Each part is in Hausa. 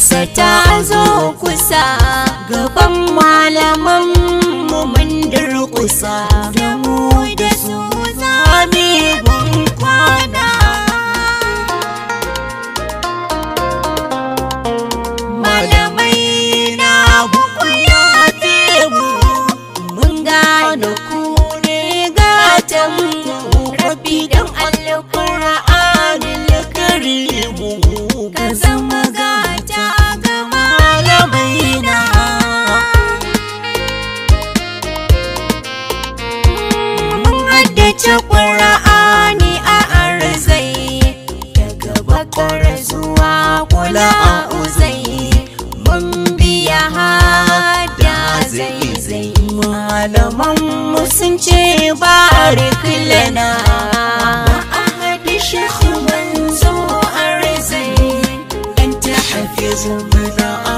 sata ta zo kusa gaban malaman mu mun durkusa da mu da su za mu bunkwana. malamai na ku ya mu mun gane ku ne gatan mu rabbi dan alƙur'anil mu. ka zama ga haddace ƙura'ani a arzai daga bakar zuwa kula a uzai mun biya hada zai zai malaman sun ce ba a rikilana a hadi shekhu manzo arzai ta hafi zumana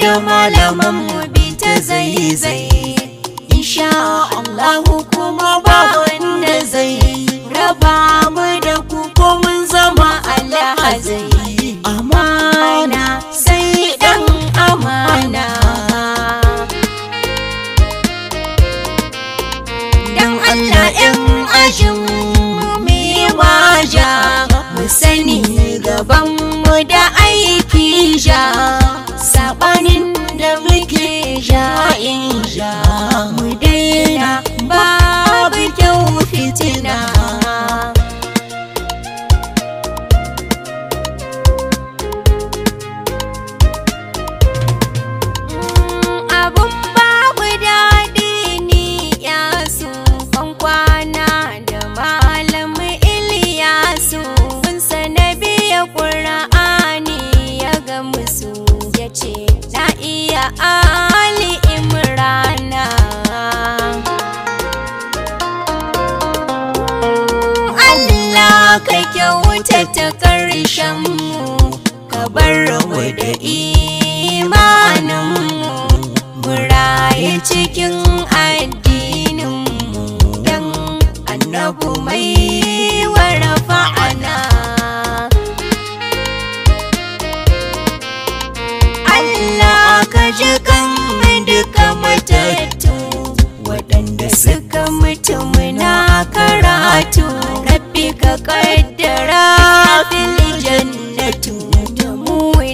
da malaman mu bi ta zai zai insha Allah kuma ba wanda zai raba mu da ku ko mun zama Allah zai amana sai dan amana dan Allah yan ajin mu mi waja mu sani gaban mu da ka kyautata ƙarshenmu ka bar mu da imaninmu mu rayu cikin addininmu don annabu mai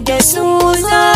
da su za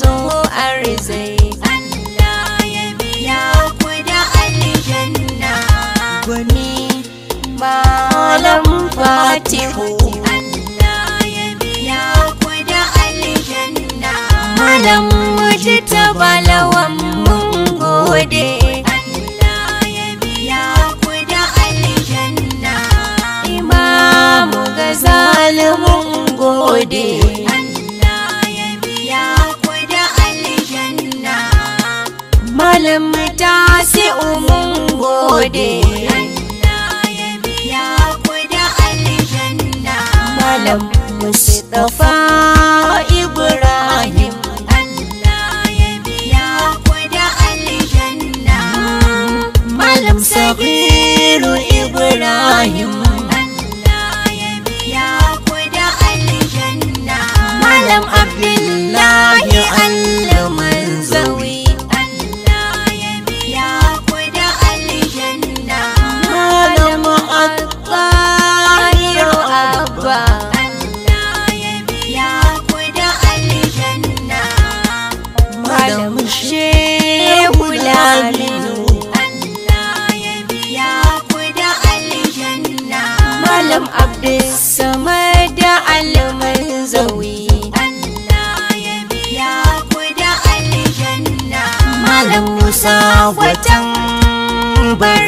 zo arzai Allah ya biya ku da aljanna gwani malam fatihu Allah ya biya ku da aljanna malam mujta balawan mun gode Allah ya biya ku da aljanna imamu gazali mun gode malam tasi'u mun gode malam Mustapha Ibrahim ya Malam Sabiru Ibrahim ya Malam Abdul musa watan bar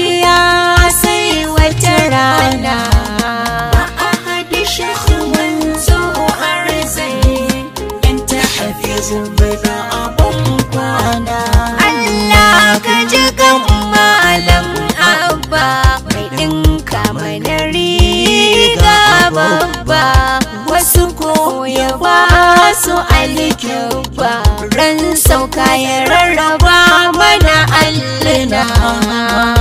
babba wasu ko ya ba su ba ran sauka ya rarraba mana allina